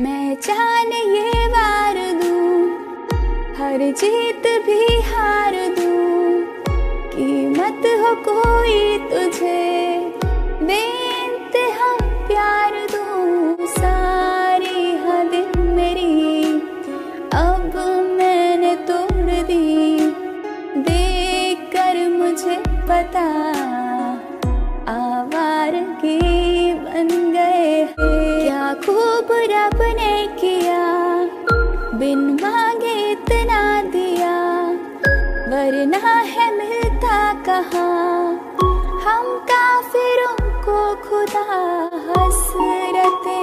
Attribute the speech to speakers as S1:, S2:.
S1: मैं जान ये वार दू हर जीत भी हार दू कीमत हो कोई तुझे पता प्यार की सारी मेरी अब मैंने दी देख कर मुझे पता बन गए खूब रब ने किया बिन मांगे इतना दिया वरना है मिलता कहा हम काफिरों को खुदा हसरते